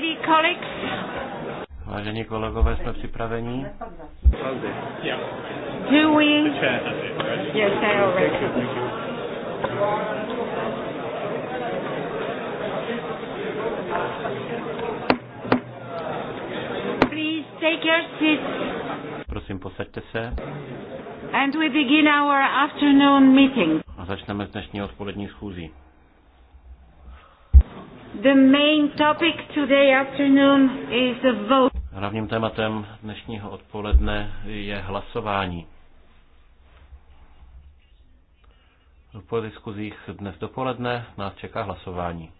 Ready, colleagues? Vážení kolegové, jsme připraveni? Do we? Yes, I Please take your seats. Prosím, posaďte se. And we begin our afternoon meeting. A začneme s dnešní odpolední schůzí. The main topic today afternoon is vote. Hlavním tématem dnešního odpoledne je hlasování. Po diskuzích dnes dopoledne nás čeká hlasování.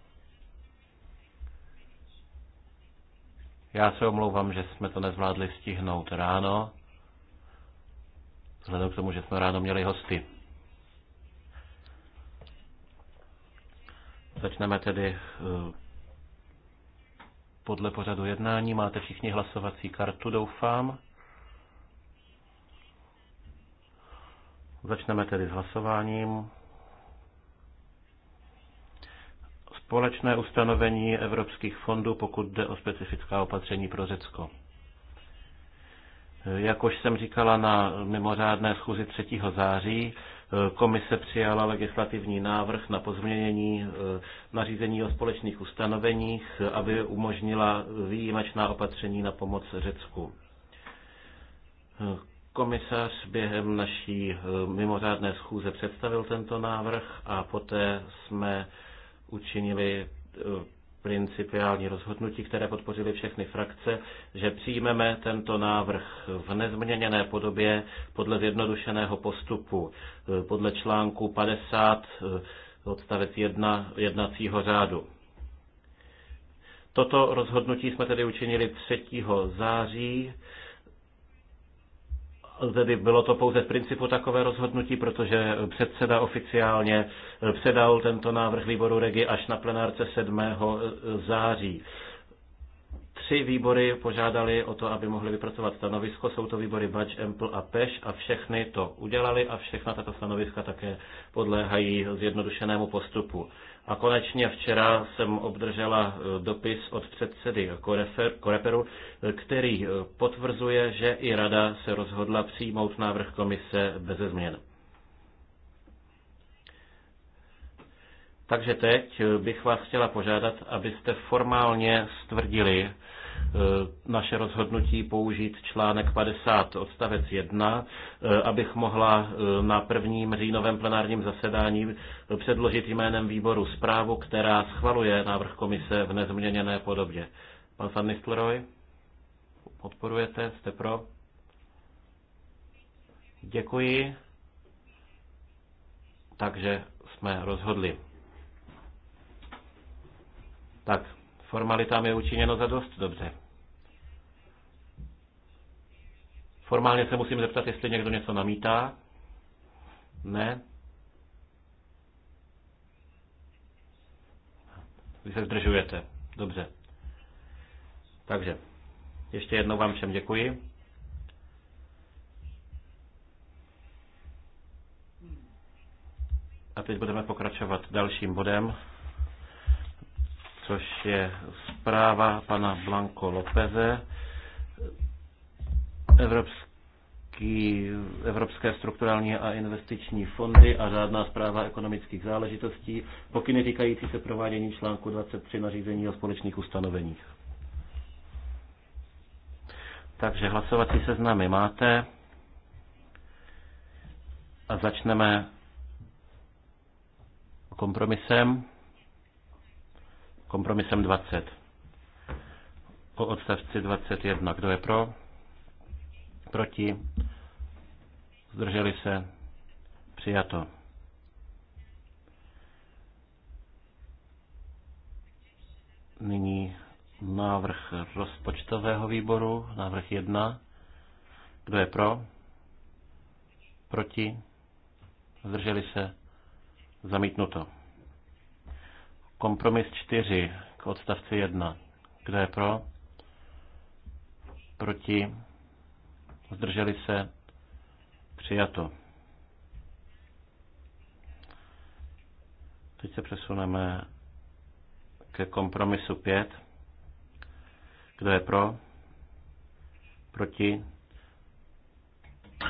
Já se omlouvám, že jsme to nezvládli stihnout ráno, vzhledem k tomu, že jsme ráno měli hosty. Začneme tedy eh, podle pořadu jednání. Máte všichni hlasovací kartu, doufám. Začneme tedy s hlasováním. Společné ustanovení evropských fondů, pokud jde o specifická opatření pro Řecko. Eh, jak už jsem říkala na mimořádné schůzi 3. září, Komise přijala legislativní návrh na pozměnění e, nařízení o společných ustanoveních, aby umožnila výjimečná opatření na pomoc Řecku. E, komisař během naší e, mimořádné schůze představil tento návrh a poté jsme učinili principiální rozhodnutí, které podpořili všechny frakce, že přijmeme tento návrh v nezměněné podobě podle zjednodušeného postupu, podle článku 50 eh, odstavec 1 jednacího řádu. Toto rozhodnutí jsme tedy učinili 3. září tedy bylo to pouze v principu takové rozhodnutí, protože předseda oficiálně předal tento návrh výboru Regi až na plenárce 7. září. Tři výbory požádali o to, aby mohli vypracovat stanovisko. Jsou to výbory Bač, Empl a Peš a všechny to udělali a všechna tato stanoviska také podléhají zjednodušenému postupu. A konečně včera jsem obdržela eh, dopis od předsedy Koreperu, eh, který eh, potvrzuje, že i rada se rozhodla přijmout návrh komise bez změn. Takže teď bych vás chtěla požádat, abyste formálně stvrdili, Eh, naše rozhodnutí použít článek 50 odstavec 1, eh, abych mohla eh, na prvním říjnovém plenárním zasedání předložit jménem výboru zprávu, která schvaluje návrh komise v nezměněné podobě. Pan Van podporujete? Jste pro? Děkuji. Takže jsme rozhodli. Tak, formalitám je učiněno za dost dobře. Formálně se musím zeptat, jestli někdo něco namítá. Ne. Vy se zdržujete. Dobře. Takže, ještě jednou vám všem děkuji. A teď budeme pokračovat dalším bodem, což je zpráva pana Blanco Lopeze, Evropský, Evropské strukturální a investiční fondy a řádná zpráva ekonomických záležitostí, pokyny týkající se provádění článku 23 nařízení o společných ustanoveních. Takže hlasovací seznamy máte a začneme kompromisem, kompromisem 20. O odstavci 21. Kdo je pro? Proti? Zdrželi se? Přijato. Nyní návrh rozpočtového výboru, návrh 1. Kdo je pro? Proti? Zdrželi se? Zamítnuto. Kompromis 4 k odstavci 1. Kdo je pro? Proti? zdrželi se, přijato. Teď se přesuneme ke kompromisu 5. Kdo je pro? Proti?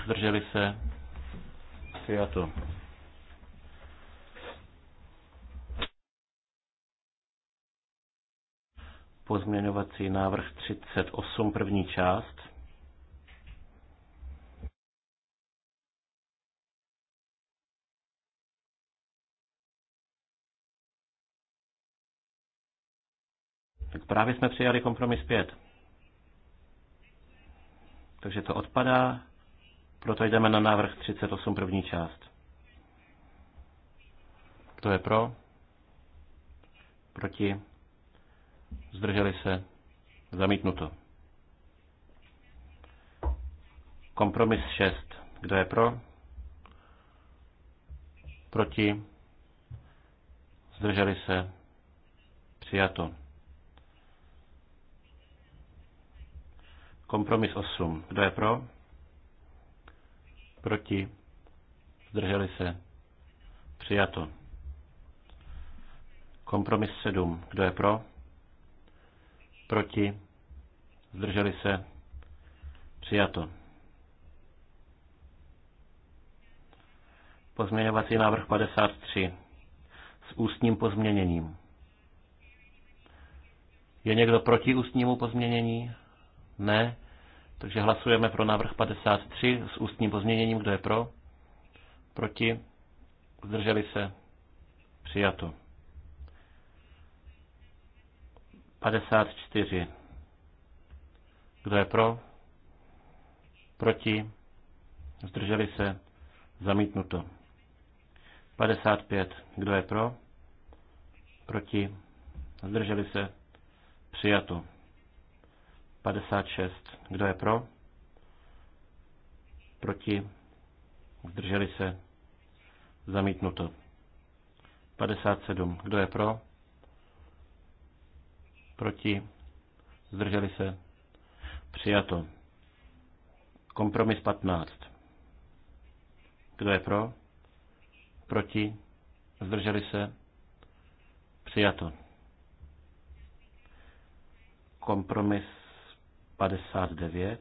Zdrželi se? Přijato. Pozměňovací návrh 38, první část. Tak právě jsme přijali kompromis 5. Takže to odpadá, proto jdeme na návrh 38 první část. Kdo je pro? Proti? Zdrželi se? Zamítnuto. Kompromis 6. Kdo je pro? Proti? Zdrželi se? Přijato. Kompromis 8. Kdo je pro? Proti? Zdrželi se? Přijato. Kompromis 7. Kdo je pro? Proti? Zdrželi se? Přijato. Pozměňovací návrh 53 s ústním pozměněním. Je někdo proti ústnímu pozměnění? Ne. Takže hlasujeme pro návrh 53 s ústním pozměněním. Kdo je pro? Proti? Zdrželi se? Přijato. 54. Kdo je pro? Proti? Zdrželi se? Zamítnuto. 55. Kdo je pro? Proti? Zdrželi se? Přijato. 56. Kdo je pro? Proti? Zdrželi se? Zamítnuto. 57. Kdo je pro? Proti? Zdrželi se? Přijato. Kompromis 15. Kdo je pro? Proti? Zdrželi se? Přijato. Kompromis 59.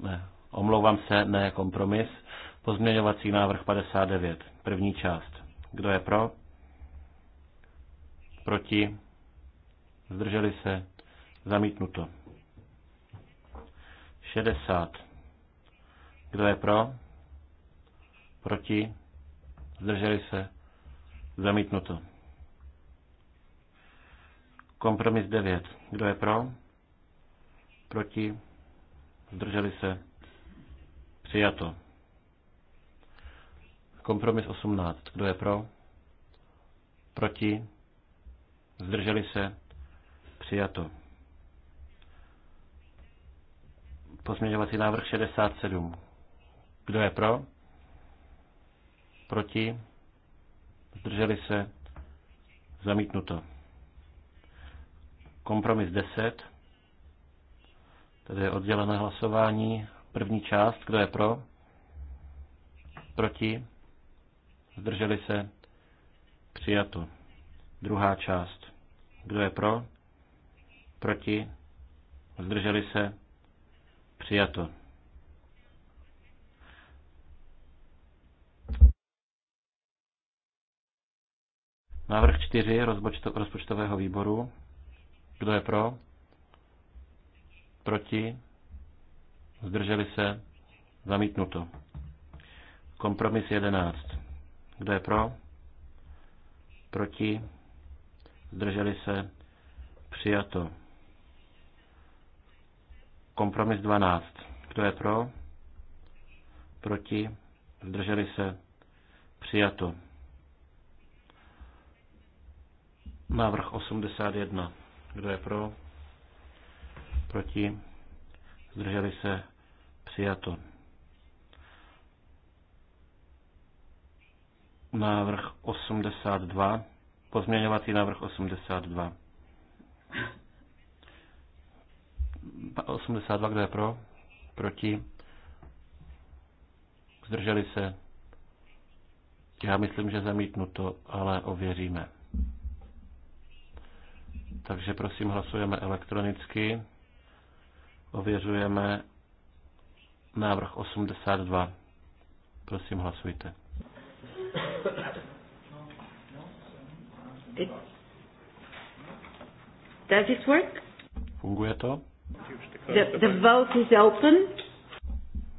Ne, omlouvám se, ne kompromis. Pozměňovací návrh 59, první část. Kdo je pro? Proti? Zdrželi se? Zamítnuto. 60. Kdo je pro? Proti? Zdrželi se? Zamítnuto. Kompromis 9. Kdo je pro? Proti? Zdrželi se? Přijato. Kompromis 18. Kdo je pro? Proti? Zdrželi se? Přijato. Pozměňovací návrh 67. Kdo je pro? Proti? Zdrželi se? Zamítnuto. Kompromis 10, tedy oddělené hlasování, první část, kdo je pro, proti, zdrželi se, přijato. Druhá část, kdo je pro, proti, zdrželi se, přijato. Návrh 4 rozpočtového výboru. Kdo je pro? Proti? Zdrželi se? Zamítnuto. Kompromis 11. Kdo je pro? Proti? Zdrželi se? Přijato. Kompromis 12. Kdo je pro? Proti? Zdrželi se? Přijato. Návrh 81. Kdo je pro? Proti? Zdrželi se? Přijato. Návrh 82. Pozměňovací návrh 82. 82, kdo je pro? Proti? Zdrželi se? Já myslím, že zamítnuto, ale ověříme. Takže prosím, hlasujeme elektronicky. Ověřujeme návrh 82. Prosím, hlasujte. It, does it work? Funguje to? The, the vote is open.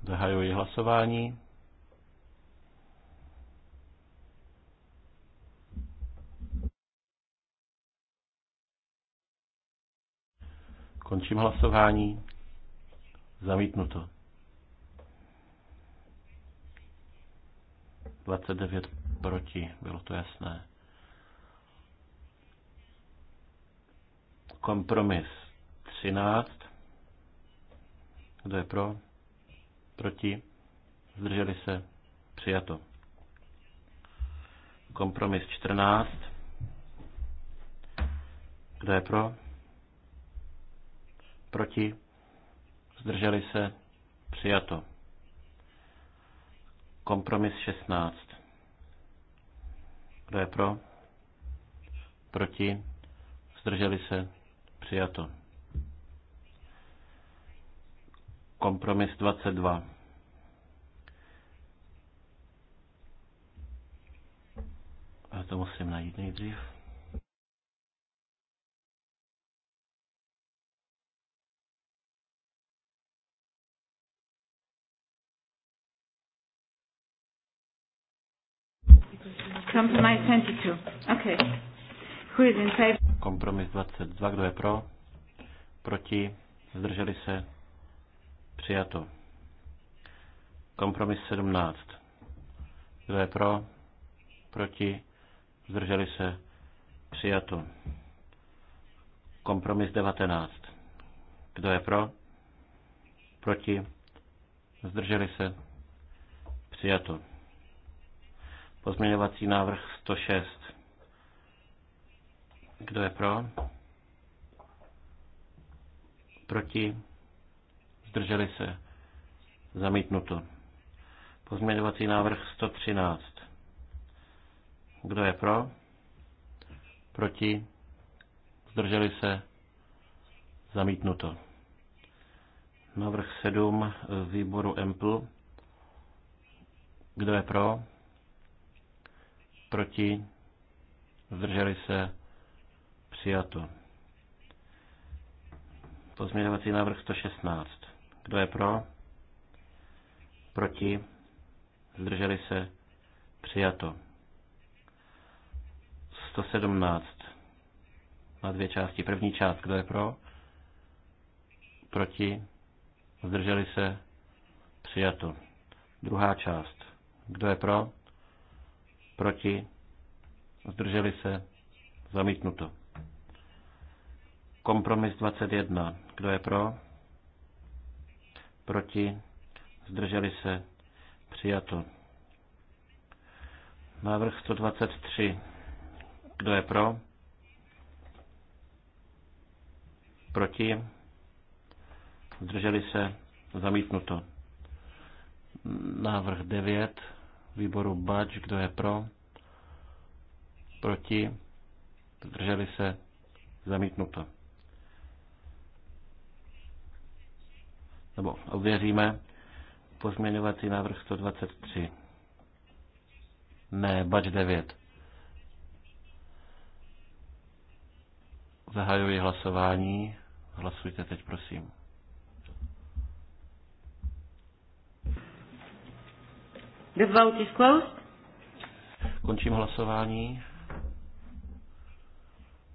Zahajuji hlasování. Končím hlasování. Zamítnuto. 29 proti, bylo to jasné. Kompromis 13. Kdo je pro? Proti? Zdrželi se? Přijato. Kompromis 14. Kdo je pro? Proti? Zdrželi se? Přijato. Kompromis 16. Kdo je pro? Proti? Zdrželi se? Přijato. Kompromis 22. A to musím najít nejdřív. Compromise 22. Okay. Who is in favor? Kompromis 22. Kdo je pro? Proti? Zdrželi se? Přijato. Kompromis 17. Kdo je pro? Proti? Zdrželi se? Přijato. Kompromis 19. Kdo je pro? Proti? Zdrželi se? Přijato. Pozměňovací návrh 106. Kdo je pro? Proti? Zdrželi se? Zamítnuto. Pozměňovací návrh 113. Kdo je pro? Proti? Zdrželi se? Zamítnuto. Návrh 7 výboru EMPL. Kdo je pro? proti, zdrželi se, přijato. Pozměňovací návrh 116. Kdo je pro? Proti? Zdrželi se? Přijato. 117. Na dvě části. První část. Kdo je pro? Proti? Zdrželi se? Přijato. Druhá část. Kdo je pro? Proti? Zdrželi se? Zamítnuto. Kompromis 21. Kdo je pro? Proti? Zdrželi se? Přijato. Návrh 123. Kdo je pro? Proti? Zdrželi se? Zamítnuto. Návrh 9 výboru Bač, kdo je pro, proti, zdrželi se, zamítnuto. Nebo ověříme pozměňovací návrh 123. Ne, Bač 9. Zahajuji hlasování. Hlasujte teď, prosím. The vote is closed. Končím hlasování.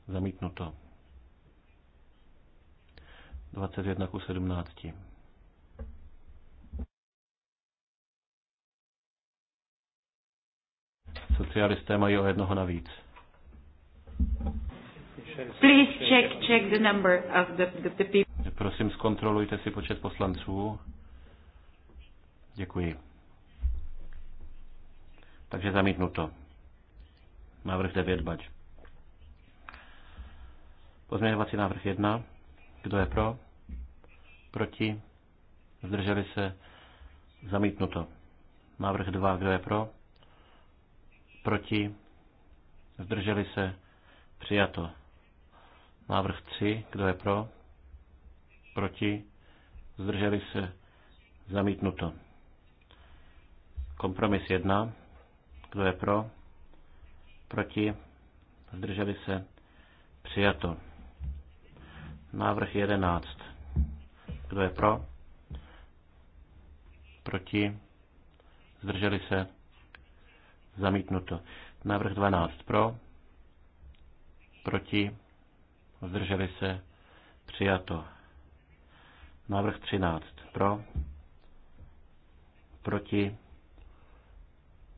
Zamítnuto. 21 ku 17. Socialisté mají o jednoho navíc. Please check, check the number of the, the, the people. Prosím, zkontrolujte si počet poslanců. Děkuji. Takže zamítnuto. Návrh 9 bač. Pozměňovací návrh 1. Kdo je pro? Proti? Zdrželi se? Zamítnuto. Návrh 2. Kdo je pro? Proti? Zdrželi se? Přijato. Návrh 3. Kdo je pro? Proti? Zdrželi se? Zamítnuto. Kompromis 1. Kdo je pro? Proti? Zdrželi se? Přijato. Návrh 11. Kdo je pro? Proti? Zdrželi se? Zamítnuto. Návrh 12. Pro? Proti? Zdrželi se? Přijato. Návrh 13. Pro? Proti?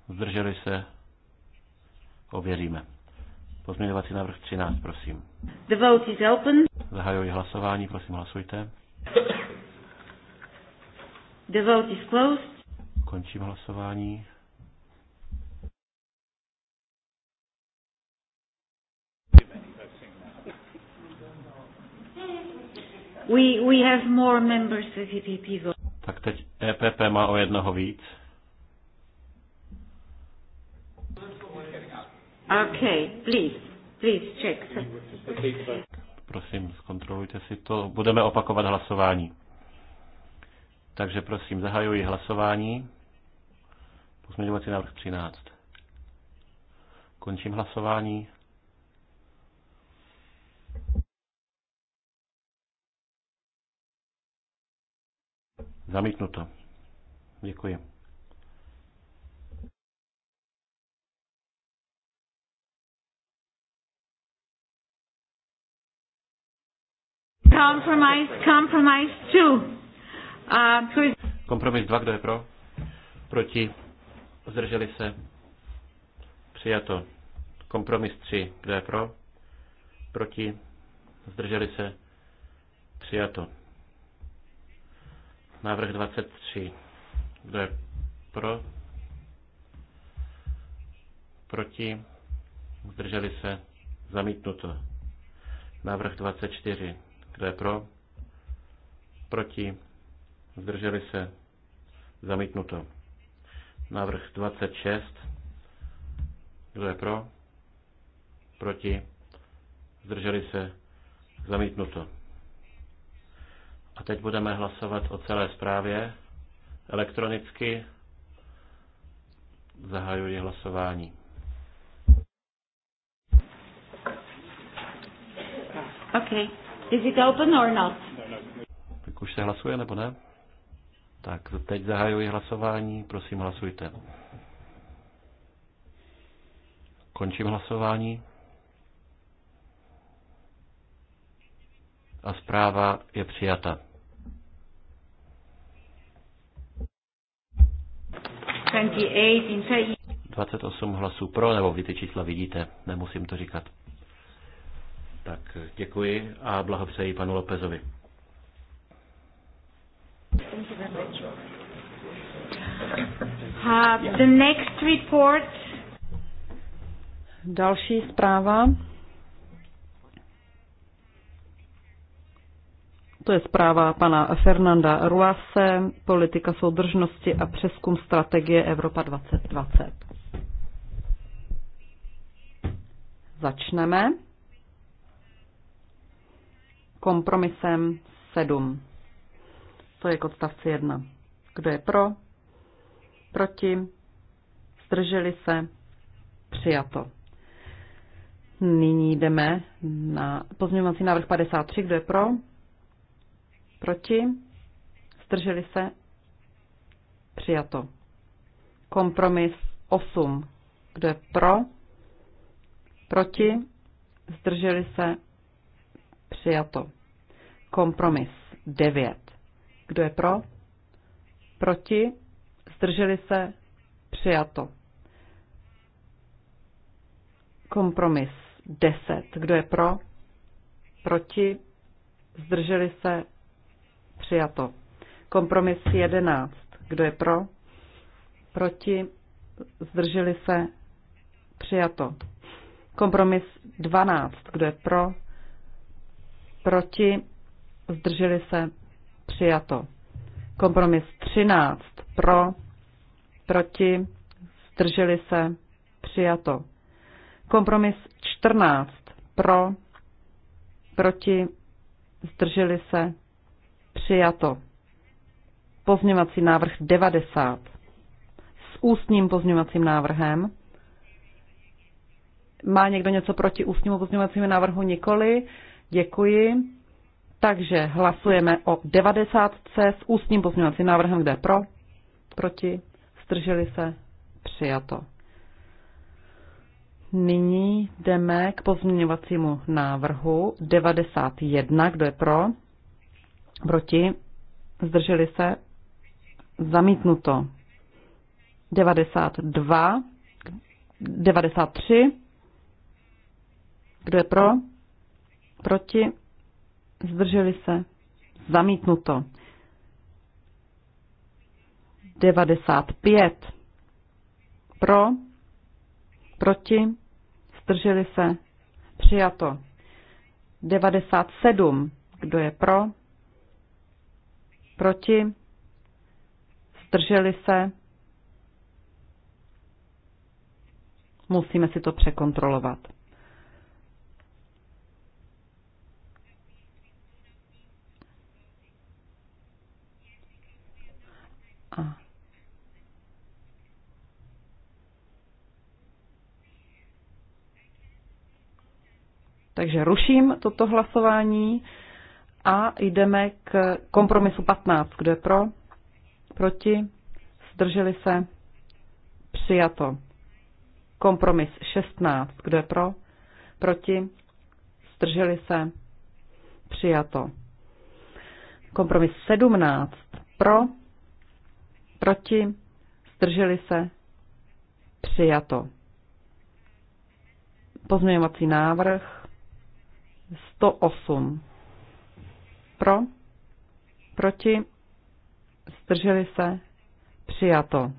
Zdrželi se? Ověříme. Pozměňovací návrh 13, prosím. The vote is open. Zahajuji hlasování, prosím hlasujte. The vote is closed. Končím hlasování. We, we have more members of EPP vote. Tak teď EPP má o jednoho víc. Okay, please, please check. Prosím, zkontrolujte si to. Budeme opakovat hlasování. Takže prosím, zahajuji hlasování. Pozměňovací návrh 13. Končím hlasování. Zamítnuto. Děkuji. Compromise, compromise two. Uh, is... Kompromis 2, kdo je pro? Proti? Zdrželi se? Přijato. Kompromis 3, kdo je pro? Proti? Zdrželi se? Přijato. Návrh 23. Kdo je pro? Proti? Zdrželi se? Zamítnuto. Návrh 24. Kdo je pro? Proti? Zdrželi se? Zamítnuto. Návrh 26. Kdo je pro? Proti? Zdrželi se? Zamítnuto. A teď budeme hlasovat o celé zprávě. Elektronicky zahajuji hlasování. Okay. Is it open or not? Tak už se hlasuje nebo ne? Tak teď zahajuji hlasování, prosím hlasujte. Končím hlasování. A zpráva je přijata. in 28 hlasů pro, nebo vy ty čísla vidíte, nemusím to říkat. Tak děkuji a blahopřeji panu Lopezovi. Uh, the next report. Další zpráva. To je zpráva pana Fernanda Ruase, politika soudržnosti a přeskum strategie Evropa 2020. Začneme kompromisem 7. To je k odstavci 1. Kdo je pro? Proti? Zdrželi se? Přijato. Nyní jdeme na pozměňovací návrh 53. Kdo je pro? Proti? Zdrželi se? Přijato. Kompromis 8. Kdo je pro? Proti? Zdrželi se? Přijato. Kompromis 9. Kdo je pro? Proti? Zdrželi se? Přijato. Kompromis 10. Kdo je pro? Proti? Zdrželi se? Přijato. Kompromis 11. Kdo je pro? Proti? Zdrželi se? Přijato. Kompromis 12. Kdo je pro? Proti? zdrželi se, přijato. Kompromis 13 pro, proti, zdrželi se, přijato. Kompromis 14 pro, proti, zdrželi se, přijato. Pozměvací návrh 90 s ústním pozměvacím návrhem. Má někdo něco proti ústnímu pozměvacímu návrhu? Nikoli. Děkuji. Takže hlasujeme o 90 s ústním pozměňovacím návrhem, kde pro, proti, zdrželi se, přijato. Nyní jdeme k pozměňovacímu návrhu 91, kdo je pro, proti, zdrželi se, zamítnuto. 92, 93, kdo je pro, proti, zdrželi se, zamítnuto. 95 pro, proti, zdrželi se, přijato. 97, kdo je pro, proti, zdrželi se, musíme si to překontrolovat. Takže ruším toto hlasování a jdeme k kompromisu 15. Kdo je pro? Proti? Zdrželi se? Přijato. Kompromis 16. Kdo je pro? Proti? Zdrželi se? Přijato. Kompromis 17. Pro? Proti? Zdrželi se? Přijato. Pozměňovací návrh 108. Pro, proti, zdrželi se, přijato.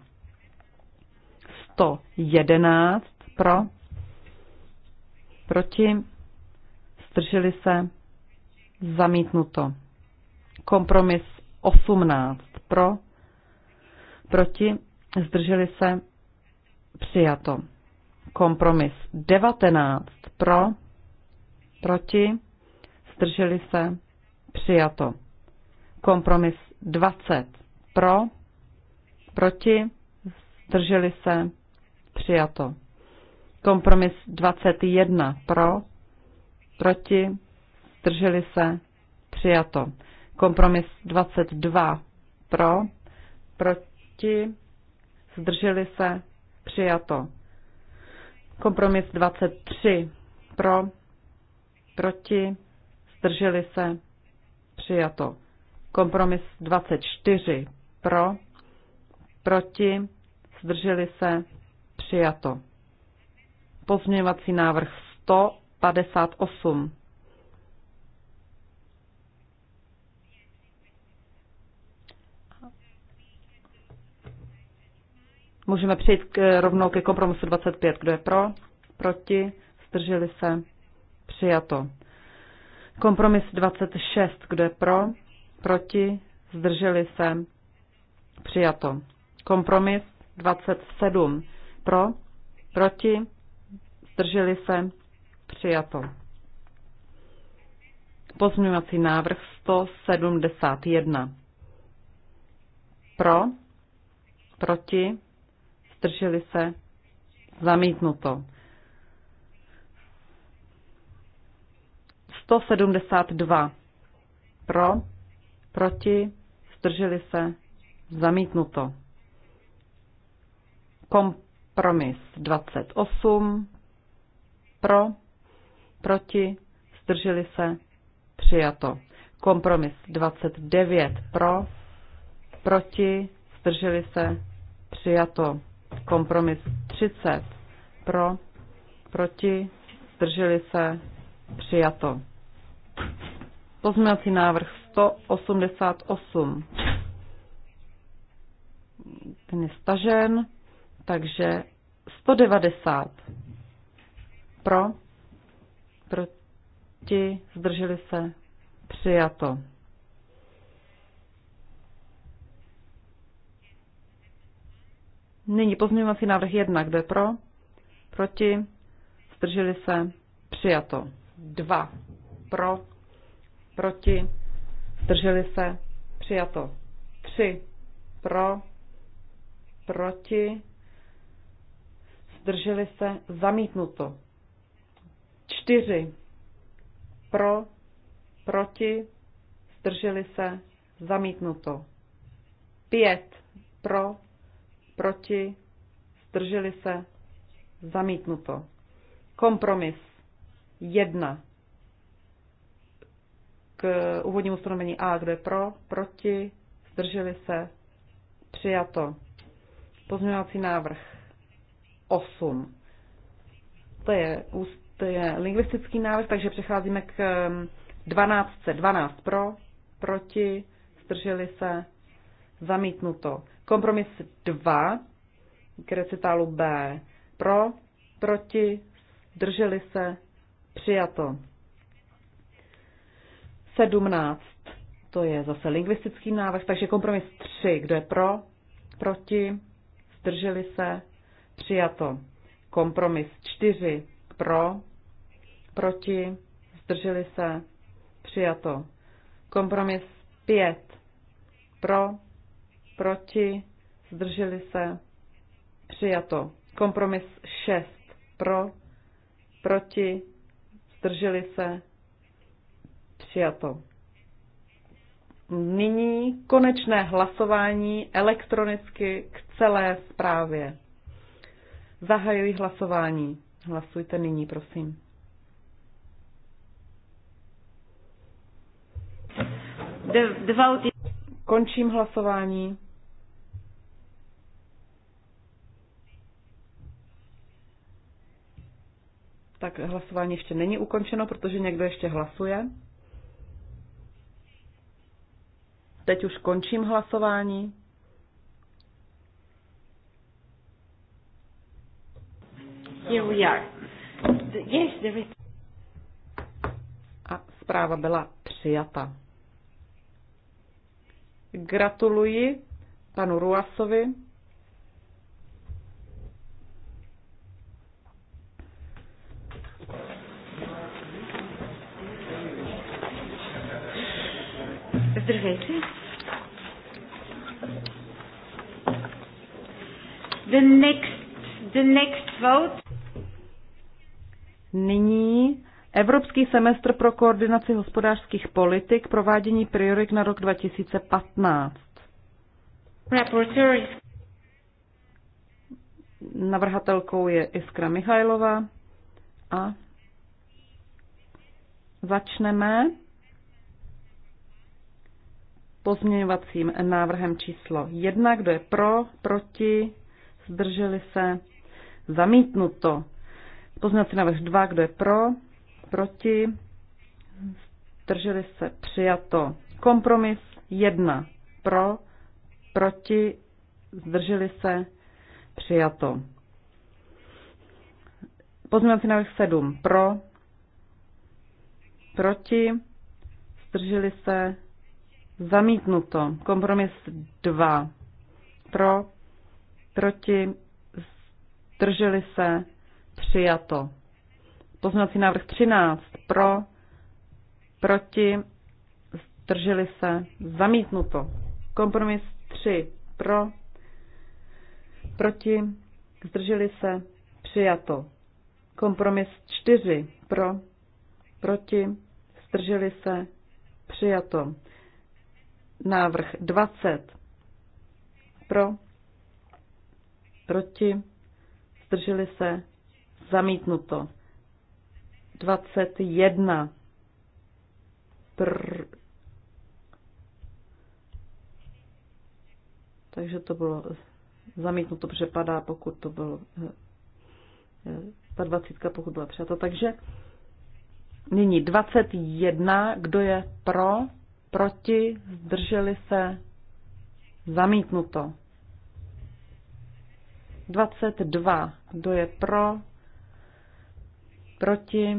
111 pro, proti, zdrželi se, zamítnuto. Kompromis 18 pro, proti, zdrželi se, přijato. Kompromis 19 pro, proti, zdrželi se, přijato. Kompromis 20 pro, proti, zdrželi se, přijato. Kompromis 21 pro, proti, zdrželi se, přijato. Kompromis 22 pro, proti, zdrželi se, přijato. Kompromis 23 pro, proti, zdrželi se, přijato. Kompromis 24 pro, proti, zdrželi se, přijato. Pozměňovací návrh 158. Můžeme přejít k, rovnou ke kompromisu 25. Kdo je pro? Proti? Zdrželi se? Přijato. Kompromis 26, kdo je pro, proti, zdrželi se, přijato. Kompromis 27, pro, proti, zdrželi se, přijato. Pozměňovací návrh 171. Pro, proti, zdrželi se, zamítnuto. 172 pro, proti, zdrželi se, zamítnuto. Kompromis 28 pro, proti, zdrželi se, přijato. Kompromis 29 pro, proti, zdrželi se, přijato. Kompromis 30 pro, proti, zdrželi se, přijato. Pozměňovací návrh 188. Ten je stažen, takže 190 pro, proti, zdrželi se, přijato. Nyní pozměňovací návrh 1, kde pro, proti, zdrželi se, přijato. 2 pro, proti, zdrželi se, přijato. Tři. pro, proti, zdrželi se, zamítnuto. čtyři. pro, proti, zdrželi se, zamítnuto. Pět. pro, proti, zdrželi se, zamítnuto. Kompromis Jedna k eh, úvodnímu ustanovení A, kdo je pro, proti, zdrželi se, přijato. Pozměňovací návrh 8. To je, to je lingvistický návrh, takže přecházíme k 12. Eh, 12 pro, proti, zdrželi se, zamítnuto. Kompromis 2 k recitálu B. Pro, proti, zdrželi se, přijato. 17, to je zase lingvistický návrh, takže kompromis 3, kdo je pro, proti, zdrželi se, přijato. Kompromis 4, pro, proti, zdrželi se, přijato. Kompromis 5, pro, proti, zdrželi se, přijato. Kompromis 6, pro, proti, zdrželi se, Přijato. Nyní konečné hlasování elektronicky k celé zprávě. Zahajuji hlasování. Hlasujte nyní, prosím. Končím hlasování. Tak hlasování ještě není ukončeno, protože někdo ještě hlasuje. Teď už končím hlasování. Here we are. Yes, there is... A zpráva byla přijata. Gratuluji panu Ruasovi. Zdravíte. The next, the next vote. Nyní Evropský semestr pro koordinaci hospodářských politik, provádění priorit na rok 2015. Navrhatelkou je Iskra Michajlova a začneme pozměňovacím návrhem číslo 1. Kdo je pro, proti, zdrželi se, zamítnuto. Poznací návrh 2, kdo je pro, proti, zdrželi se, přijato. Kompromis 1, pro, proti, zdrželi se, přijato. Pozměňovací návrh 7, pro, proti, zdrželi se, zamítnuto. Kompromis 2, pro, proti, zdrželi se, přijato. Poznací návrh 13 pro, proti, zdrželi se, zamítnuto. Kompromis 3 pro, proti, zdrželi se, přijato. Kompromis 4 pro, proti, zdrželi se, přijato. Návrh 20 pro, proti, zdrželi se, zamítnuto. 21 pr... Takže to bylo zamítnuto, protože padá, pokud to bylo eh, eh, ta dvacítka, pokud byla přijata. Takže nyní 21, kdo je pro, proti, zdrželi se, zamítnuto. 22. Kdo je pro? Proti?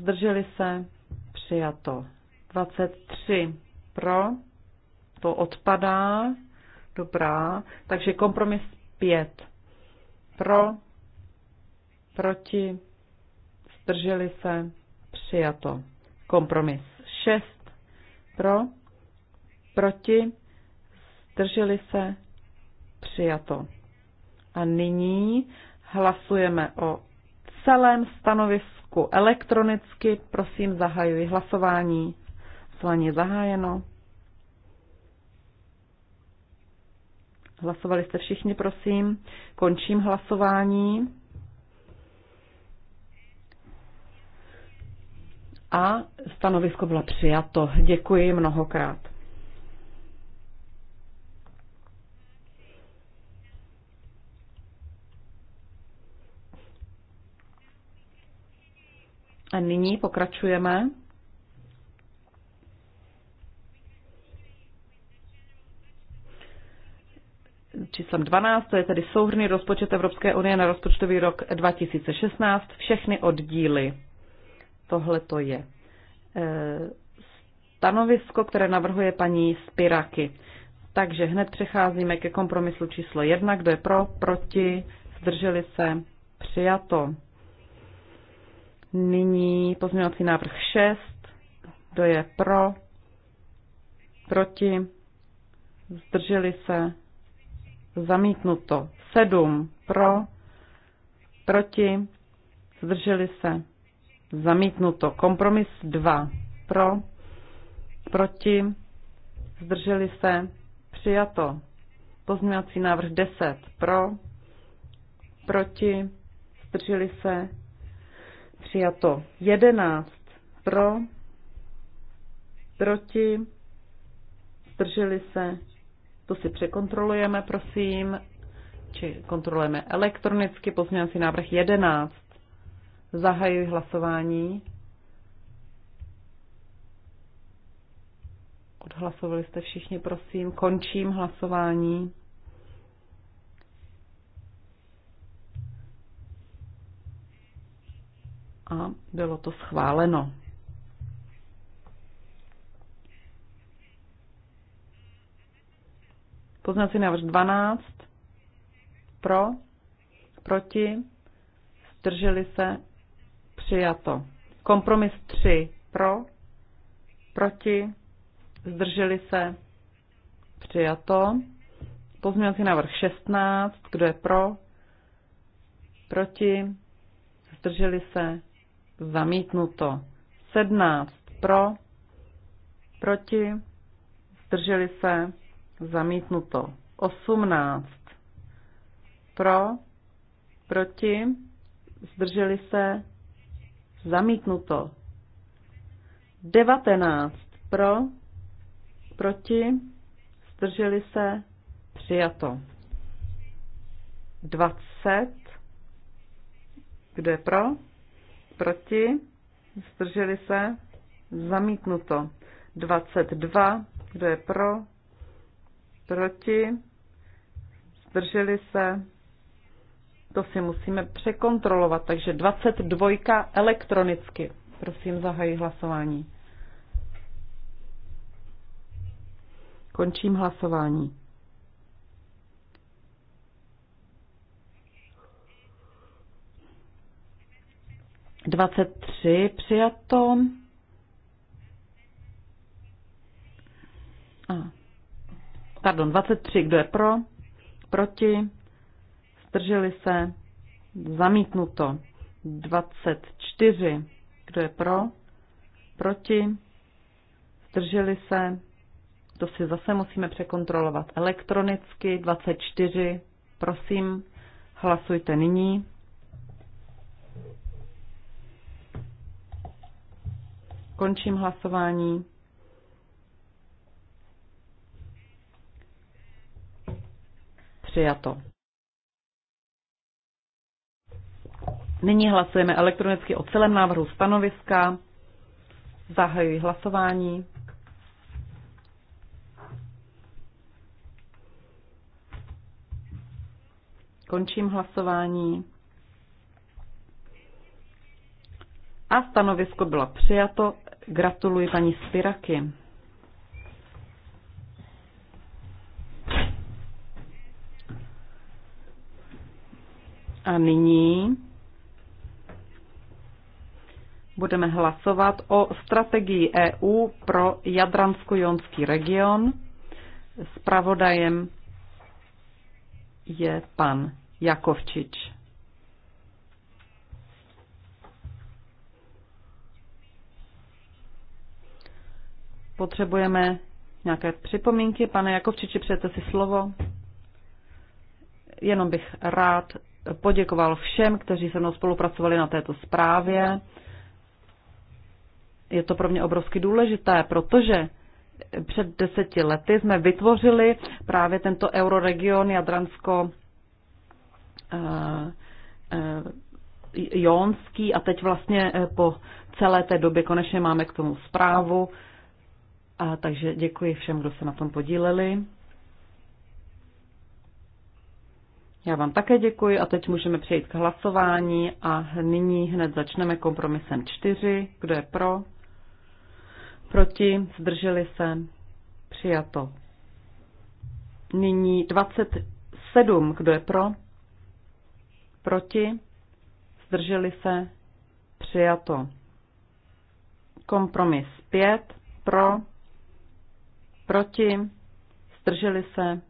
Zdrželi se? Přijato. 23. Pro? To odpadá. Dobrá. Takže kompromis 5. Pro? Proti? Zdrželi se? Přijato. Kompromis 6. Pro? Proti? Zdrželi se? Přijato. A nyní hlasujeme o celém stanovisku elektronicky. Prosím, zahajuji hlasování. Hlasování zahájeno. Hlasovali jste všichni, prosím. Končím hlasování. A stanovisko bylo přijato. Děkuji mnohokrát. A nyní pokračujeme. číslem 12, to je tedy souhrný rozpočet Evropské unie na rozpočtový rok 2016, všechny oddíly. Tohle to je eh, stanovisko, které navrhuje paní Spiraky. Takže hned přecházíme ke kompromisu číslo 1, kdo je pro, proti, zdrželi se, přijato. Nyní pozměňovací návrh 6. Kdo je pro? Proti? Zdrželi se? Zamítnuto. 7. Pro? Proti? Zdrželi se? Zamítnuto. Kompromis 2. Pro? Proti? Zdrželi se? Přijato. Pozměňovací návrh 10. Pro? Proti? Zdrželi se? Přijato 11 pro, proti, zdrželi se. To si překontrolujeme, prosím, či kontrolujeme elektronicky pozměňovací návrh 11. Zahajuji hlasování. Odhlasovali jste všichni, prosím. Končím hlasování. a bylo to schváleno. Poznací návrh 12. Pro, proti, zdrželi se, přijato. Kompromis 3. Pro, proti, zdrželi se, přijato. Pozměňovací návrh 16. Kdo je pro, proti, zdrželi se, zamítnuto. 17 pro, proti, zdrželi se, zamítnuto. 18 pro, proti, zdrželi se, zamítnuto. 19 pro, proti, zdrželi se, přijato. 20, kdo je pro? proti, zdrželi se, zamítnuto. 22, kdo je pro, proti, zdrželi se, to si musíme překontrolovat, takže 22 elektronicky. Prosím, zahají hlasování. Končím hlasování. 23 přijato. A, pardon, 23, kdo je pro, proti, zdrželi se, zamítnuto. 24, kdo je pro, proti, zdrželi se, to si zase musíme překontrolovat elektronicky, 24, prosím, hlasujte nyní. Končím hlasování. Přijato. Nyní hlasujeme elektronicky o celém návrhu stanoviska. Zahajuji hlasování. Končím hlasování. A stanovisko bylo přijato Gratuluji paní Spiraky. A nyní budeme hlasovat o strategii EU pro Jadransko-Jonský region. Spravodajem je pan Jakovčič. Potřebujeme nějaké připomínky. Pane Jakovčiči, přejete si slovo? Jenom bych rád poděkoval všem, kteří se mnou spolupracovali na této zprávě. Je to pro mě obrovsky důležité, protože před deseti lety jsme vytvořili právě tento euroregion Jadransko eh, eh, Jonský a teď vlastně eh, po celé té době konečně máme k tomu zprávu. A takže děkuji všem, kdo se na tom podíleli. Já vám také děkuji a teď můžeme přejít k hlasování a nyní hned začneme kompromisem 4. Kdo je pro? Proti? Zdrželi se? Přijato. Nyní 27. Kdo je pro? Proti? Zdrželi se? Přijato. Kompromis 5. Pro? proti, zdrželi se,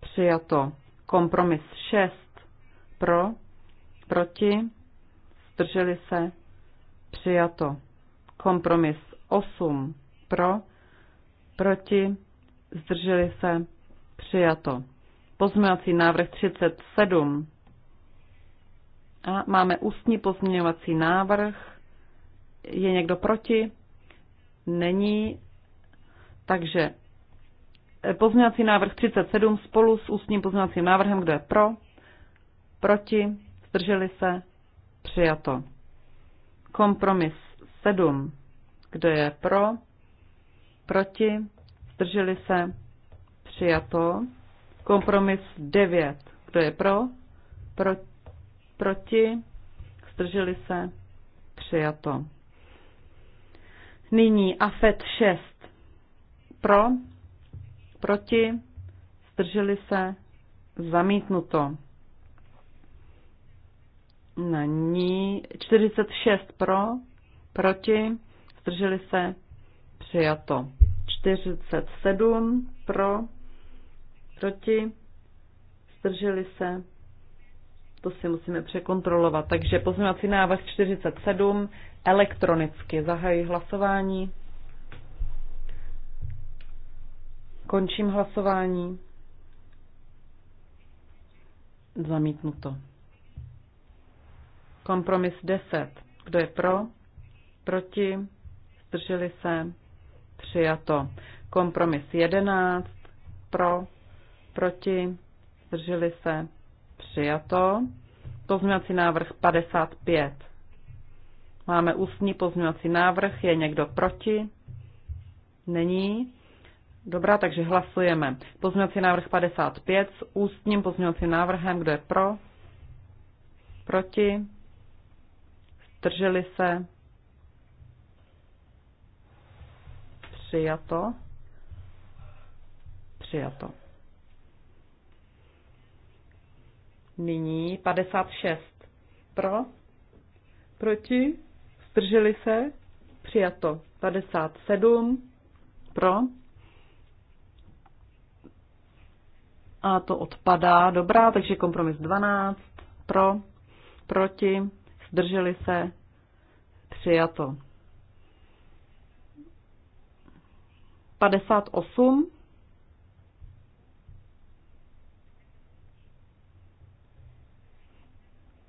přijato. Kompromis 6 pro, proti, zdrželi se, přijato. Kompromis 8 pro, proti, zdrželi se, přijato. Pozměňovací návrh 37. A máme ústní pozměňovací návrh. Je někdo proti? Není, takže eh, pozměňovací návrh 37 spolu s ústním pozměňovacím návrhem, kdo je pro, proti, zdrželi se, přijato. Kompromis 7, kdo je pro, proti, zdrželi se, přijato. Kompromis 9, kdo je pro, pro proti, zdrželi se, přijato. Nyní AFET 6, pro, proti, zdrželi se, zamítnuto. Na ní 46 pro, proti, zdrželi se, přijato. 47 pro, proti, zdrželi se, to si musíme překontrolovat. Takže pozměňovací návrh 47 elektronicky. Zahají hlasování. Končím hlasování. Zamítnuto. Kompromis 10. Kdo je pro? Proti? Zdrželi se? Přijato. Kompromis 11. Pro? Proti? Zdrželi se? Přijato. Pozměňovací návrh 55. Máme ústní pozměňovací návrh. Je někdo proti? Není. Dobrá, takže hlasujeme. Pozměňovací návrh 55 s ústním pozměňovacím návrhem. Kdo je pro? Proti? Zdrželi se? Přijato? Přijato. Nyní 56. Pro? Proti? Zdrželi se? Přijato. 57. Pro? a to odpadá. Dobrá, takže kompromis 12 pro, proti, zdrželi se, přijato. 58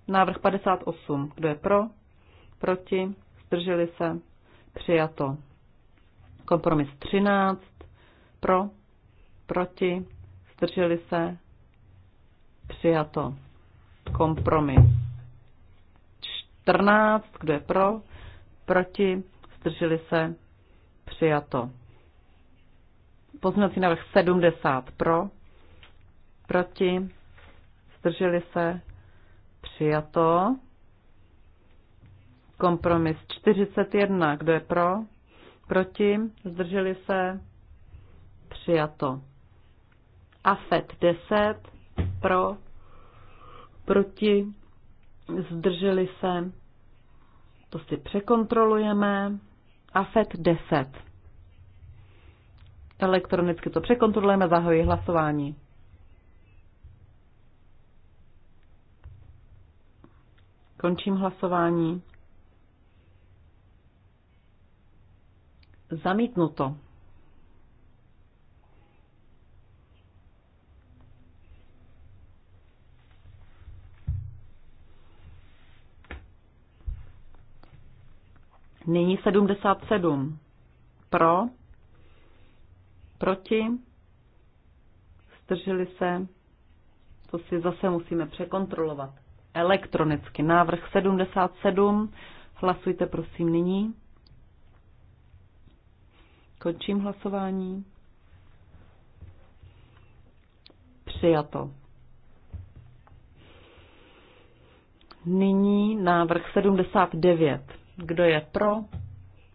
Návrh 58. Kdo je pro? Proti? Zdrželi se? Přijato. Kompromis 13. Pro? Proti? zdrželi se, přijato. Kompromis. 14, kdo je pro, proti, zdrželi se, přijato. Pozměnací návrh 70 pro, proti, zdrželi se, přijato. Kompromis 41, kdo je pro, proti, zdrželi se, přijato. AFET 10 pro, proti, zdrželi se, to si překontrolujeme, AFET 10. Elektronicky to překontrolujeme, zahojí hlasování. Končím hlasování. Zamítnuto. Nyní 77. Pro, proti, zdrželi se, to si zase musíme překontrolovat. Elektronicky návrh 77. Hlasujte prosím nyní. Končím hlasování. Přijato. Nyní návrh 79 kdo je pro?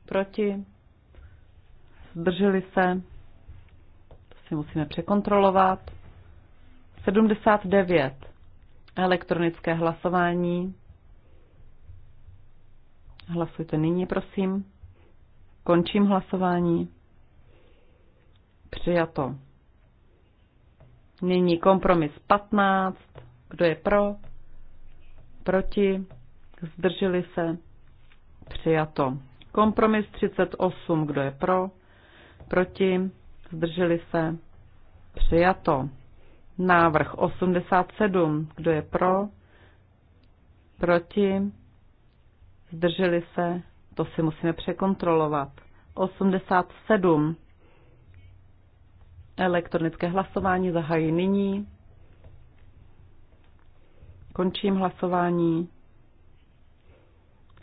Proti? Zdrželi se? To si musíme překontrolovat. 79. Elektronické hlasování. Hlasujte nyní, prosím. Končím hlasování. Přijato. Nyní kompromis 15. Kdo je pro? Proti? Zdrželi se? Přijato. Kompromis 38. Kdo je pro? Proti? Zdrželi se? Přijato. Návrh 87. Kdo je pro? Proti? Zdrželi se? To si musíme překontrolovat. 87. Elektronické hlasování zahají nyní. Končím hlasování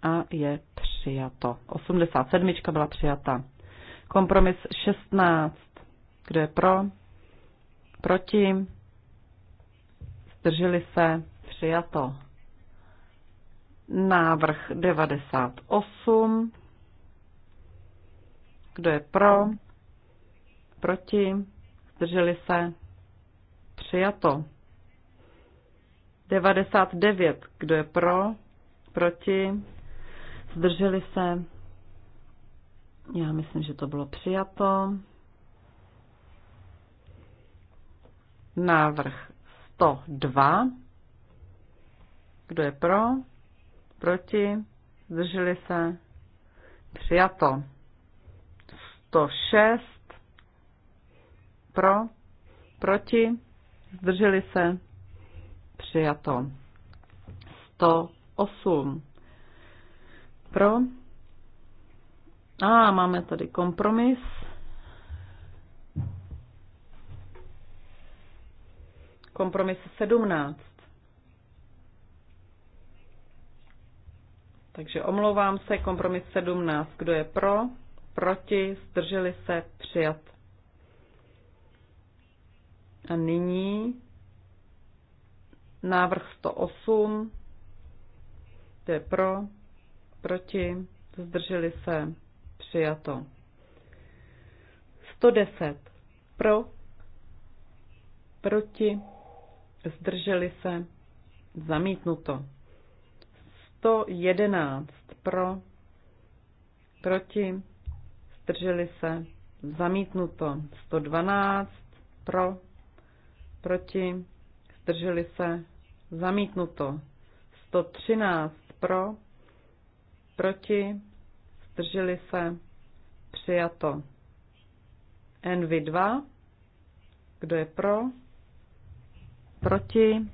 a je přijato. 87 byla přijata. Kompromis 16. Kdo je pro? Proti? Zdrželi se? Přijato. Návrh 98. Kdo je pro? Proti? Zdrželi se? Přijato. 99. Kdo je pro? Proti? zdrželi se. Já myslím, že to bylo přijato. Návrh 102. Kdo je pro? Proti? Zdrželi se? Přijato. 106. Pro? Proti? Zdrželi se? Přijato. 108 pro. A máme tady kompromis. Kompromis 17. Takže omlouvám se, kompromis 17. Kdo je pro? Proti? Zdrželi se? Přijat. A nyní návrh 108. Kdo je pro? proti, zdrželi se, přijato. 110 pro, proti, zdrželi se, zamítnuto. 111 pro, proti, zdrželi se, zamítnuto. 112 pro, proti, zdrželi se, zamítnuto. 113 pro, proti, zdrželi se, přijato. NV2, kdo je pro, proti,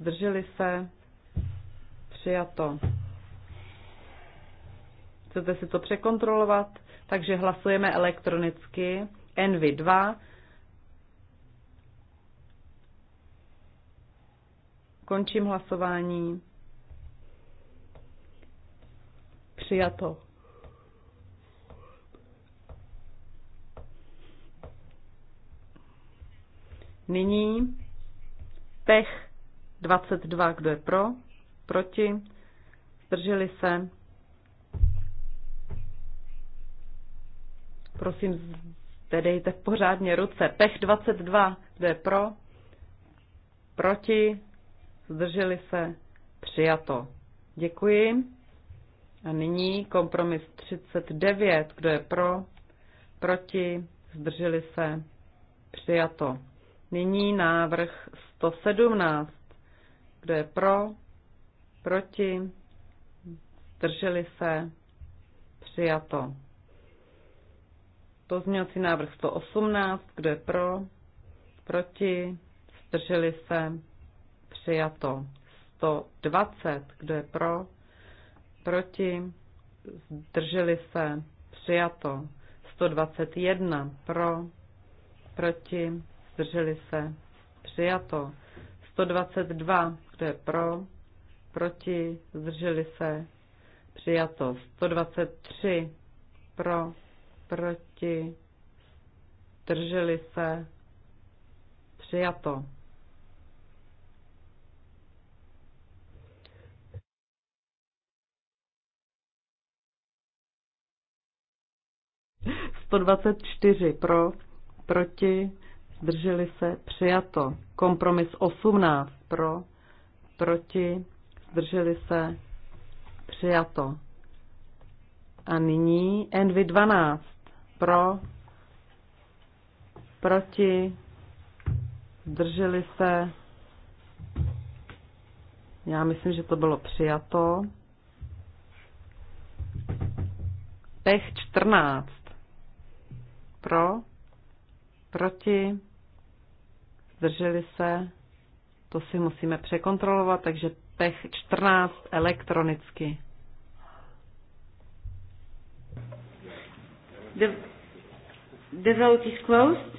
zdrželi se, přijato. Chcete si to překontrolovat? Takže hlasujeme elektronicky. NV2. Končím hlasování. Přijato. Nyní pech 22, kdo je pro, proti, zdrželi se. Prosím, zvedejte pořádně ruce. Pech 22, kdo je pro, proti, zdrželi se, přijato. Děkuji. A nyní kompromis 39. Kdo je pro? Proti? Zdrželi se? Přijato. Nyní návrh 117. Kdo je pro? Proti? Zdrželi se? Přijato. Pozměňovací návrh 118. Kdo je pro? Proti? Zdrželi se? Přijato. 120. Kdo je pro? proti, zdrželi se, přijato. 121 pro, proti, zdrželi se, přijato. 122, kdo je pro, proti, zdrželi se, přijato. 123 pro, proti, zdrželi se, přijato. 124 pro, proti, zdrželi se, přijato. Kompromis 18 pro, proti, zdrželi se, přijato. A nyní Envy 12 pro, proti, zdrželi se, já myslím, že to bylo přijato. Pech 14 pro, proti, zdrželi se, to si musíme překontrolovat, takže tech 14 elektronicky. The, the vote is closed.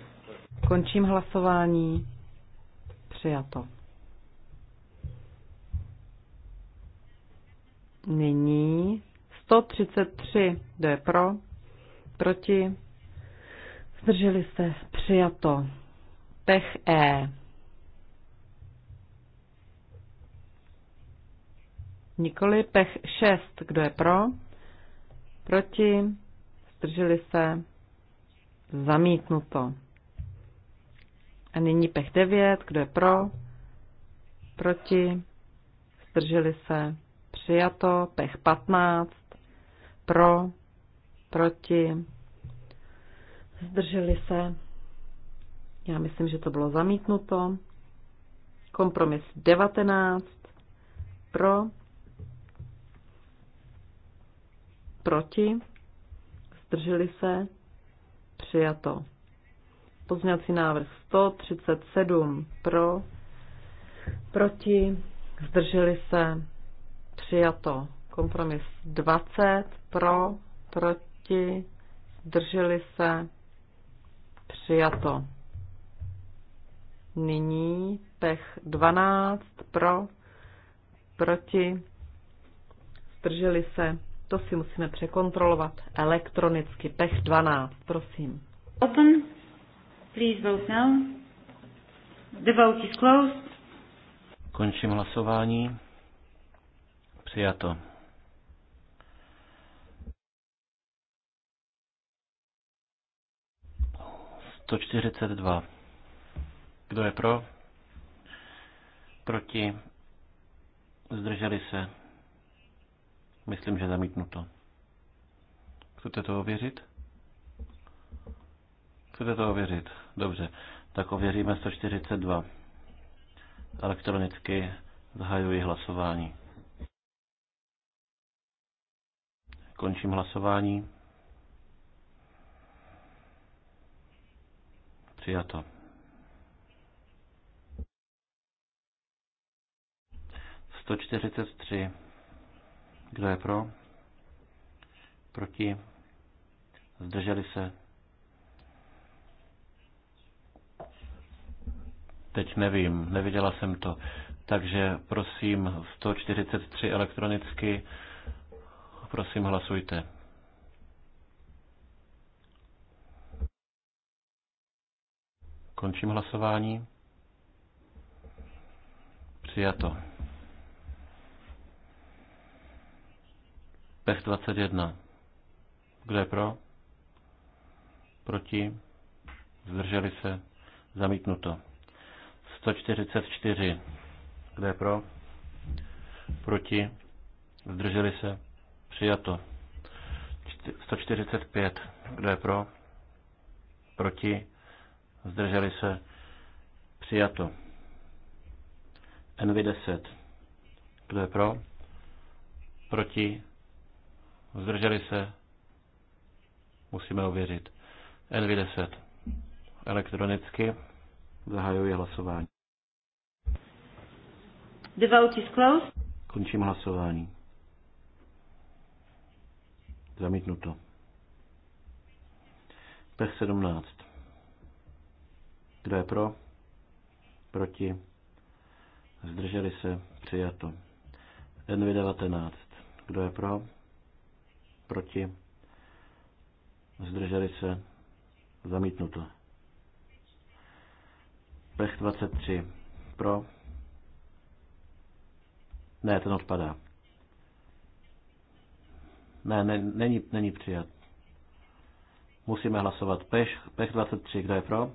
Končím hlasování. Přijato. Nyní 133. Kdo je pro? Proti? Zdrželi se. Přijato. Pech E. Nikoli pech 6. Kdo je pro? Proti? Zdrželi se? Zamítnuto. A nyní pech 9. Kdo je pro? Proti? Zdrželi se? Přijato. Pech 15. Pro? Proti? Zdrželi se. Já myslím, že to bylo zamítnuto. Kompromis 19. Pro. Proti. Zdrželi se. Přijato. Pozměňovací návrh 137. Pro. Proti. Zdrželi se. Přijato. Kompromis 20. Pro. Proti. Zdrželi se Přijato. Nyní pech 12 pro, proti, zdrželi se. To si musíme překontrolovat elektronicky. Pech 12, prosím. Open. Please vote now. The vote is closed. Končím hlasování. Přijato. 142. Kdo je pro? Proti? Zdrželi se? Myslím, že zamítnuto. Chcete to ověřit? Chcete to ověřit? Dobře. Tak ověříme 142. Elektronicky zahajuji hlasování. Končím hlasování. Přijato. Sto čtyřicet tři. Kdo je pro? Proti? Zdrželi se? Teď nevím, neviděla jsem to. Takže prosím 143 elektronicky, prosím hlasujte. Končím hlasování. Přijato. Pech 21. Kdo je pro? Proti? Zdrželi se? Zamítnuto. 144. Kdo je pro? Proti? Zdrželi se? Přijato. 145. Kdo je pro? Proti? zdrželi se, přijato. NV10, kdo je pro, proti, zdrželi se, musíme ověřit. NV10, elektronicky, zahajuji hlasování. The vote is closed. Končím hlasování. Zamítnuto. Pech 17. Kdo je pro? Proti? Zdrželi se? Přijato. NV19. Kdo je pro? Proti? Zdrželi se? Zamítnuto. Pech 23. Pro? Ne, ten odpadá. Ne, ne není, není přijat. Musíme hlasovat. Pech, pech 23. Kdo je pro?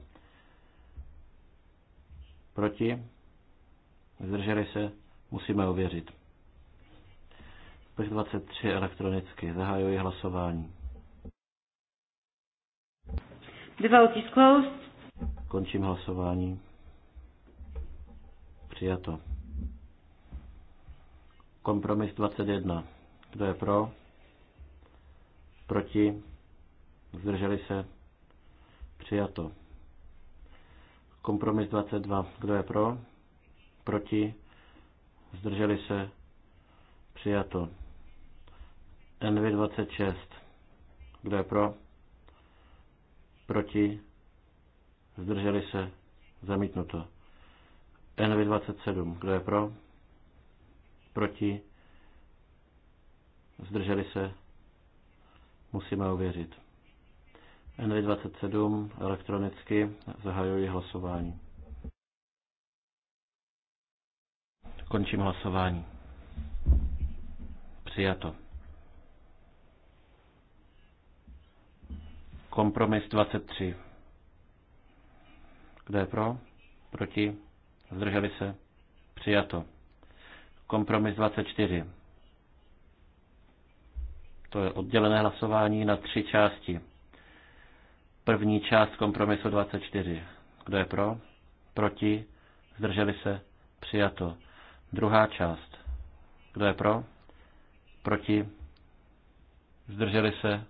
Proti? Zdrželi se? Musíme ověřit. Peš 23 elektronicky. Zahajuji hlasování. The vote is closed. Končím hlasování. Přijato. Kompromis 21. Kdo je pro? Proti? Zdrželi se? Přijato. Kompromis 22. Kdo je pro? Proti? Zdrželi se? Přijato. NV26. Kdo je pro? Proti? Zdrželi se? Zamítnuto. NV27. Kdo je pro? Proti? Zdrželi se? Musíme uvěřit. NV27 elektronicky zahajuji hlasování. Končím hlasování. Přijato. Kompromis 23. Kdo je pro? Proti? Zdrželi se? Přijato. Kompromis 24. To je oddělené hlasování na tři části. První část kompromisu 24. Kdo je pro? Proti? Zdrželi se? Přijato. Druhá část. Kdo je pro? Proti? Zdrželi se?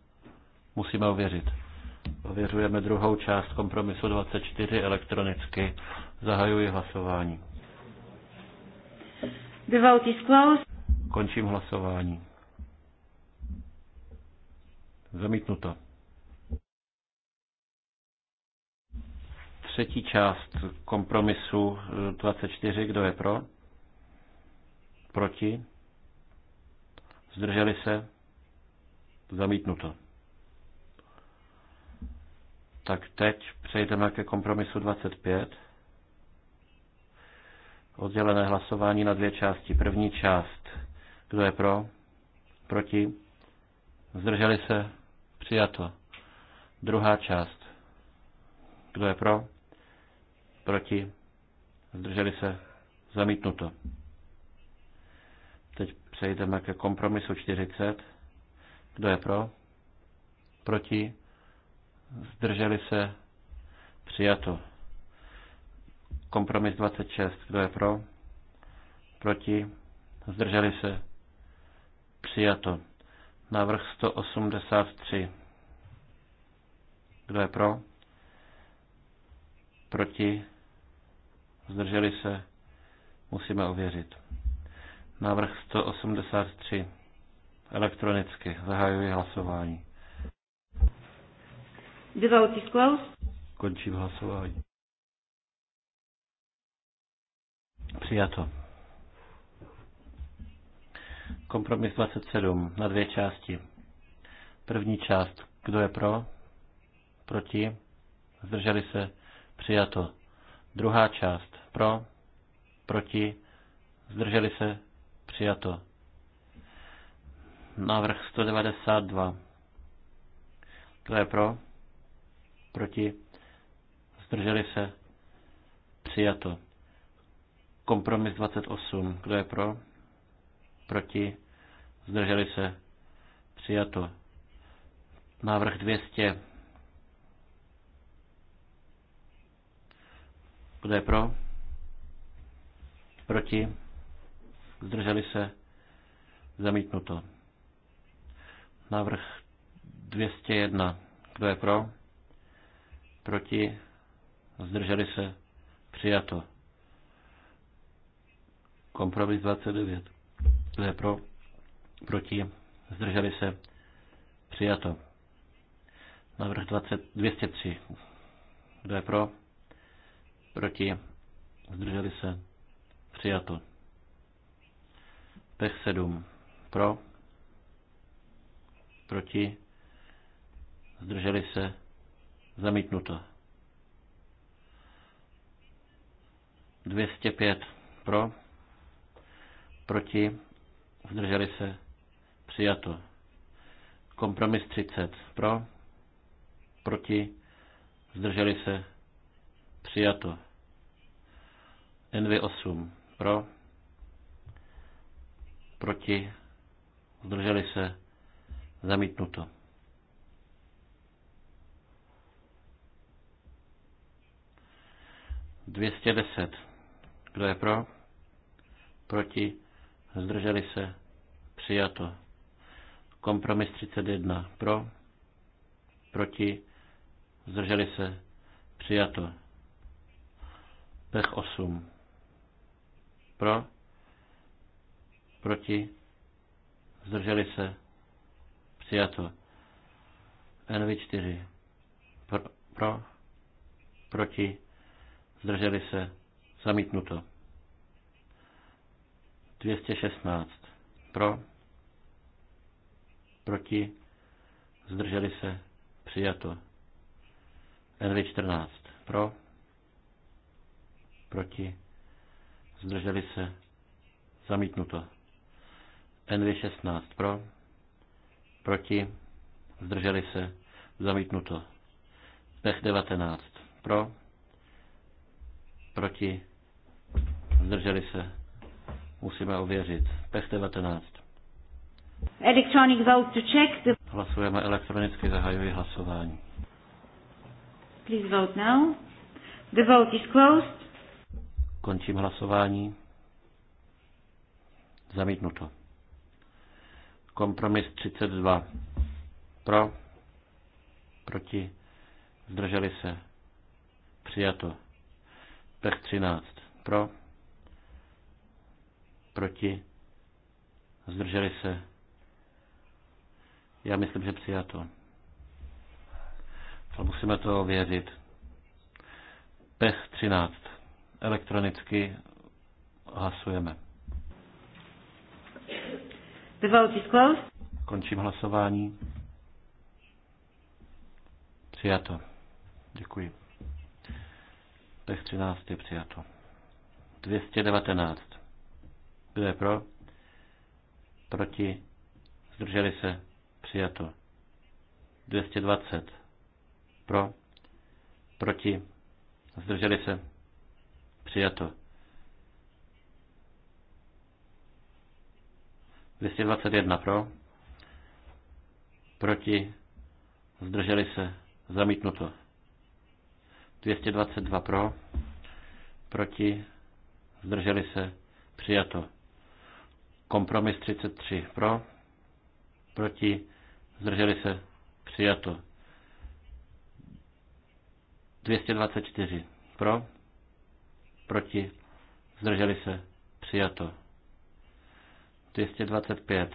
Musíme ověřit. Ověřujeme druhou část kompromisu 24 elektronicky. Zahajuji hlasování. Končím hlasování. Zamítnuto. Třetí část kompromisu 24, eh, kdo je pro? Proti? Zdrželi se? Zamítnuto. Tak teď přejdeme ke kompromisu 25. Oddělené hlasování na dvě části. První část. Kdo je pro? Proti? Zdrželi se? Přijato. Druhá část. Kdo je pro? proti, zdrželi se, zamítnuto. Teď přejdeme ke kompromisu 40. Kdo je pro? Proti? Zdrželi se? Přijato. Kompromis 26. Kdo je pro? Proti? Zdrželi se? Přijato. Návrh 183. Kdo je pro? Proti? zdrželi se, musíme ověřit. Návrh 183. Elektronicky. Zahajuji hlasování. The vote Končím hlasování. Přijato. Kompromis 27 na dvě části. První část. Kdo je pro? Proti? Zdrželi se? Přijato. Druhá část. Pro, proti, zdrželi se, přijato. Návrh 192. Kdo je pro? Proti? Zdrželi se? Přijato. Kompromis 28. Kdo je pro? Proti? Zdrželi se? Přijato. Návrh 200. Kdo je pro? Proti? Zdrželi se? Zamítnuto. Návrh 201. Kdo je pro? Proti? Zdrželi se? Přijato. Kompromis 29. Kdo je pro? Proti? Zdrželi se? Přijato. Návrh 20, 203. Kdo je pro? Proti? Zdrželi se? Přijato. Pech 7. Pro. Proti. Zdrželi se. Zamítnuto. 205. Pro. Proti. Zdrželi se. Přijato. Kompromis 30. Pro. Proti. Zdrželi se. Přijato. NV8 pro, proti, zdrželi se, zamítnuto. Dvěstě deset. Kdo je pro? Proti? Zdrželi se? Přijato. Kompromis 31. Pro? Proti? Zdrželi se? Přijato. Pech 8. Pro? Proti? Zdrželi se? Přijato. NV4. Pro? pro proti? Zdrželi se? Zamítnuto. 216. Pro? Proti? Zdrželi se? Přijato. NV14. Pro? Proti? zdrželi se, zamítnuto. NV16 pro, proti, zdrželi se, zamítnuto. Pech 19 pro, proti, zdrželi se, musíme ověřit. Pech 19. Electronic vote to check. The... Hlasujeme elektronicky, zahajuji hlasování. Please vote now. The vote is closed. Končím hlasování. Zamítnuto. Kompromis 32. Pro. Proti. Zdrželi se. Přijato. Pech 13. Pro. Proti. Zdrželi se. Já myslím, že přijato. Ale musíme to věřit. Pech 13. Elektronicky hlasujeme. The vote is closed. Končím hlasování. Přijato. Děkuji. Tech 13 je přijato. 219. Kdo je pro? Proti? Zdrželi se? Přijato. 220. Pro? Proti? Zdrželi se? Přijato. 221 pro. Proti. Zdrželi se. Zamítnuto. 222 pro. Proti. Zdrželi se. Přijato. Kompromis 33 pro. Proti. Zdrželi se. Přijato. 224 pro proti, zdrželi se, přijato. 225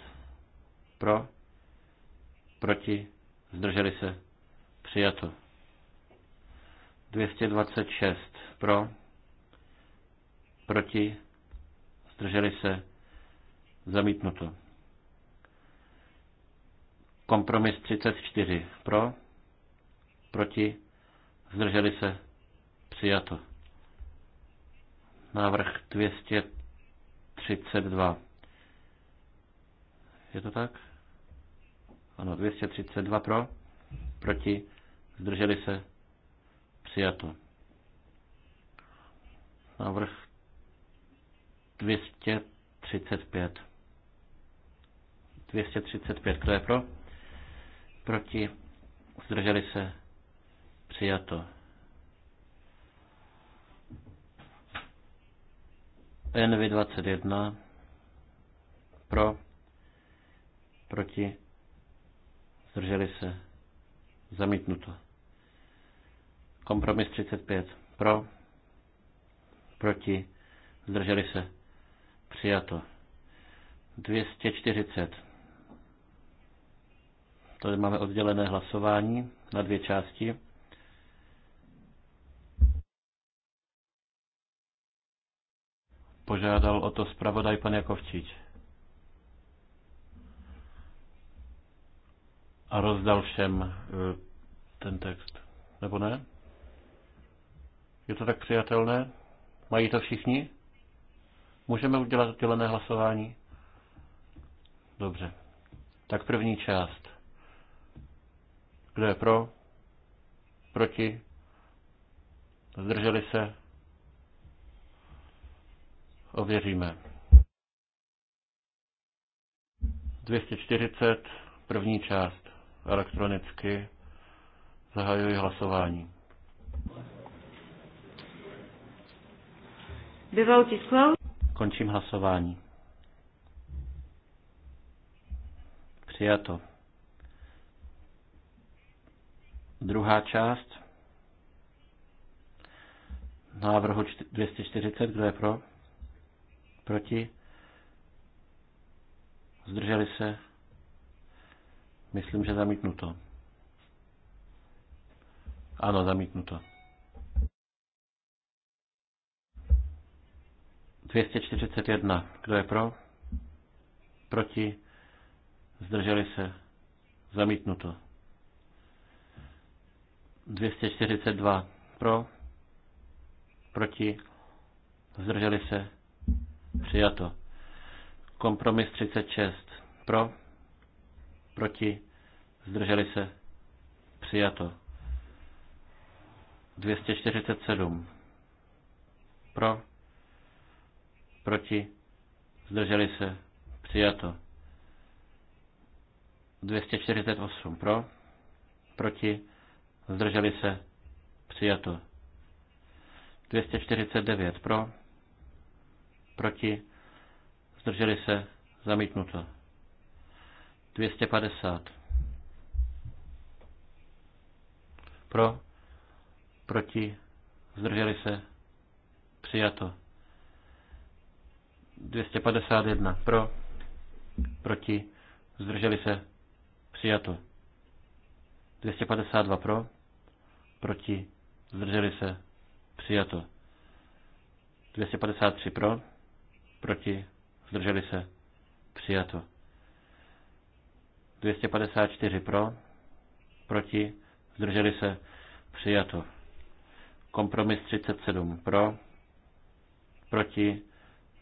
pro, proti, zdrželi se, přijato. 226 pro, proti, zdrželi se, zamítnuto. Kompromis 34 pro, proti, zdrželi se, přijato. Návrh 232. Je to tak? Ano, 232 pro, proti, zdrželi se, přijato. Návrh 235. 235, kdo je pro? Proti, zdrželi se, přijato. NV21 pro, proti, zdrželi se, zamítnuto. Kompromis 35 pro, proti, zdrželi se, přijato. 240. Tady máme oddělené hlasování na dvě části. Požádal o to zpravodaj pan Jakovčič. A rozdal všem e, ten text. Nebo ne? Je to tak přijatelné? Mají to všichni? Můžeme udělat oddělené hlasování? Dobře. Tak první část. Kdo je pro? Proti? Zdrželi se? Ověříme. 240, první část, elektronicky. Zahajuji hlasování. The vote is closed. Končím hlasování. Přijato. Druhá část návrhu 240, kdo je pro? Proti? Zdrželi se? Myslím, že zamítnuto. Ano, zamítnuto. 241. Kdo je pro? Proti? Zdrželi se? Zamítnuto. 242. Pro? Proti? Zdrželi se? Přijato. Kompromis 36. Pro? Proti? Zdrželi se? Přijato. 247. Pro? Proti? Zdrželi se? Přijato. 248. Pro? Proti? Zdrželi se? Přijato. 249. Pro? proti, zdrželi se, zamítnuto. 250. Pro, proti, zdrželi se, přijato. 251. Pro, proti, zdrželi se, přijato. 252 pro, proti, zdrželi se, přijato. 253 pro, proti, zdrželi se, přijato. 254 pro, proti, zdrželi se, přijato. Kompromis 37 pro, proti,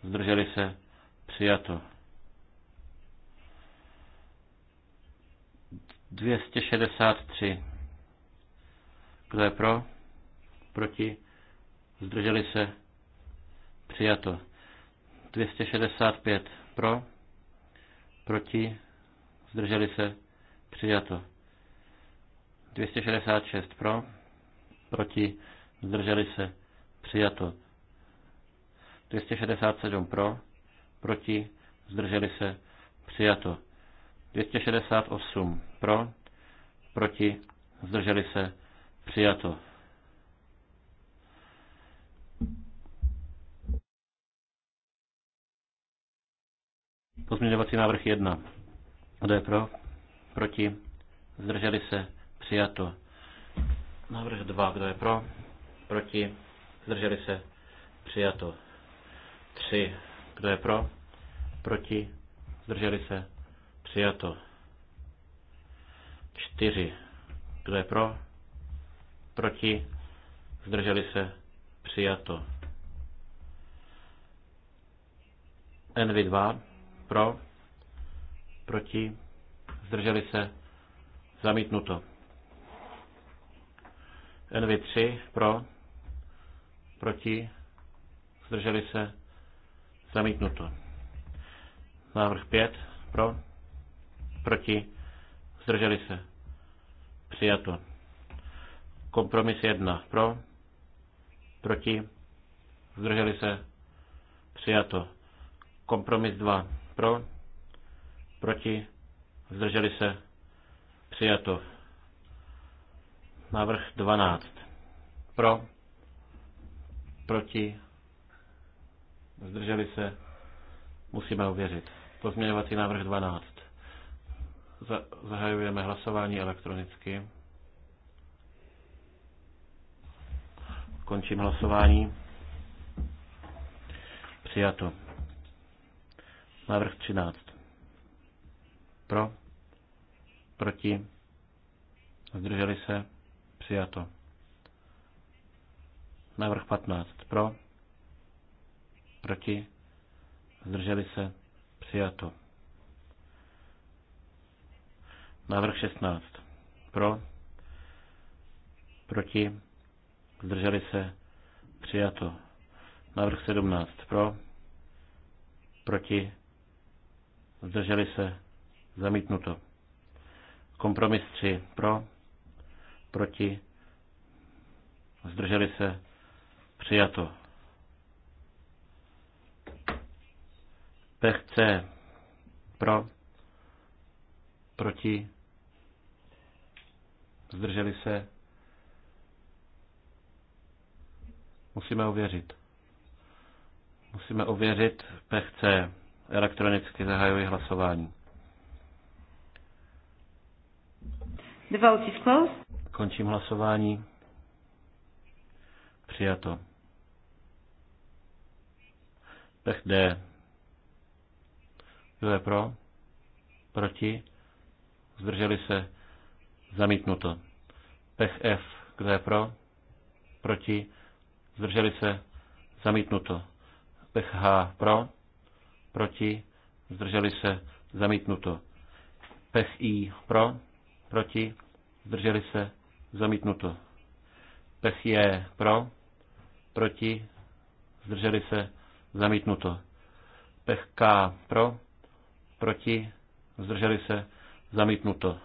zdrželi se, přijato. 263. Kdo je pro? Proti? Zdrželi se? Přijato. 265 pro, proti, zdrželi se, přijato. 266 pro, proti, zdrželi se, přijato. 267 pro, proti, zdrželi se, přijato. 268 pro, proti, zdrželi se, přijato. Pozměňovací návrh 1. Kdo je pro? Proti? Zdrželi se? Přijato. Návrh 2. Kdo je pro? Proti? Zdrželi se? Přijato. 3. Kdo je pro? Proti? Zdrželi se? Přijato. 4. Kdo je pro? Proti? Zdrželi se? Přijato. NV2. Pro? Proti? Zdrželi se? Zamítnuto. NV3 pro, proti, zdrželi se, zamítnuto. Návrh 5 pro, proti, zdrželi se, přijato. Kompromis 1 pro, proti, zdrželi se, přijato. Kompromis 2 pro? Proti? Zdrželi se? Přijato. Návrh 12. Pro? Proti? Zdrželi se? Musíme uvěřit. Pozměňovací návrh 12. Zahajujeme hlasování elektronicky. Končím hlasování. Přijato. Návrh 13. Pro? Proti? Zdrželi se? Přijato. Návrh 15. Pro? Proti? Zdrželi se? Přijato. Návrh 16. Pro? Proti? Zdrželi se? Přijato. Návrh 17. Pro? Proti? zdrželi se, zamítnuto. Kompromis 3 pro, proti, zdrželi se, přijato. Pech C pro, proti, zdrželi se, musíme ověřit. Musíme ověřit pech C. Elektronicky zahajuji hlasování. The vote is closed. Končím hlasování. Přijato. Pech D. Kdo je pro? Proti? Zdrželi se? Zamítnuto. Pech F. Kdo je pro? Proti? Zdrželi se? Zamítnuto. Pech H. Pro? proti, zdrželi se, zamítnuto. Pech I pro, proti, zdrželi se, zamítnuto. Pech je pro, proti, zdrželi se, zamítnuto. Pech K pro, proti, zdrželi se, zamítnuto.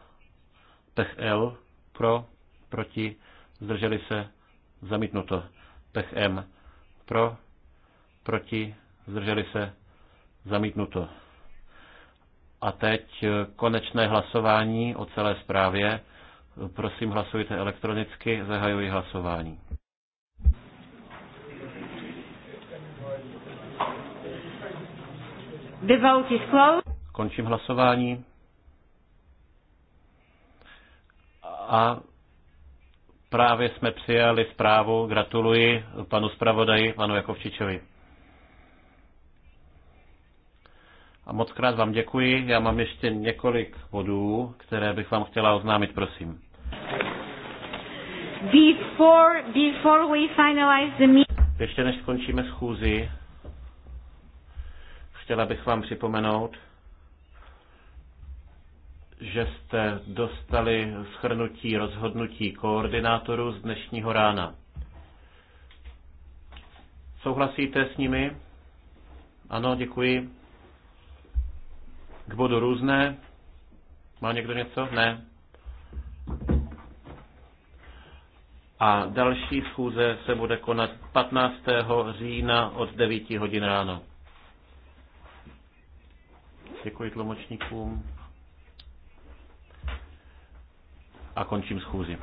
Pech L pro, proti, zdrželi se, zamítnuto. Pech M pro, proti, zdrželi se, Zamítnuto. A teď konečné hlasování o celé zprávě. Prosím, hlasujte elektronicky, zahajuji hlasování. Končím hlasování. A právě jsme přijali zprávu. Gratuluji panu zpravodaji, panu Jakovčičovi. A moc krát vám děkuji. Já mám ještě několik bodů, které bych vám chtěla oznámit, prosím. Before, before we finalize the meeting. Ještě než skončíme schůzi, chtěla bych vám připomenout, že jste dostali schrnutí rozhodnutí koordinátorů z dnešního rána. Souhlasíte s nimi? Ano, děkuji. K bodu různé. Má někdo něco? Ne. A další schůze se bude konat 15. října od 9 hodin ráno. Děkuji tlumočníkům. A končím schůzi.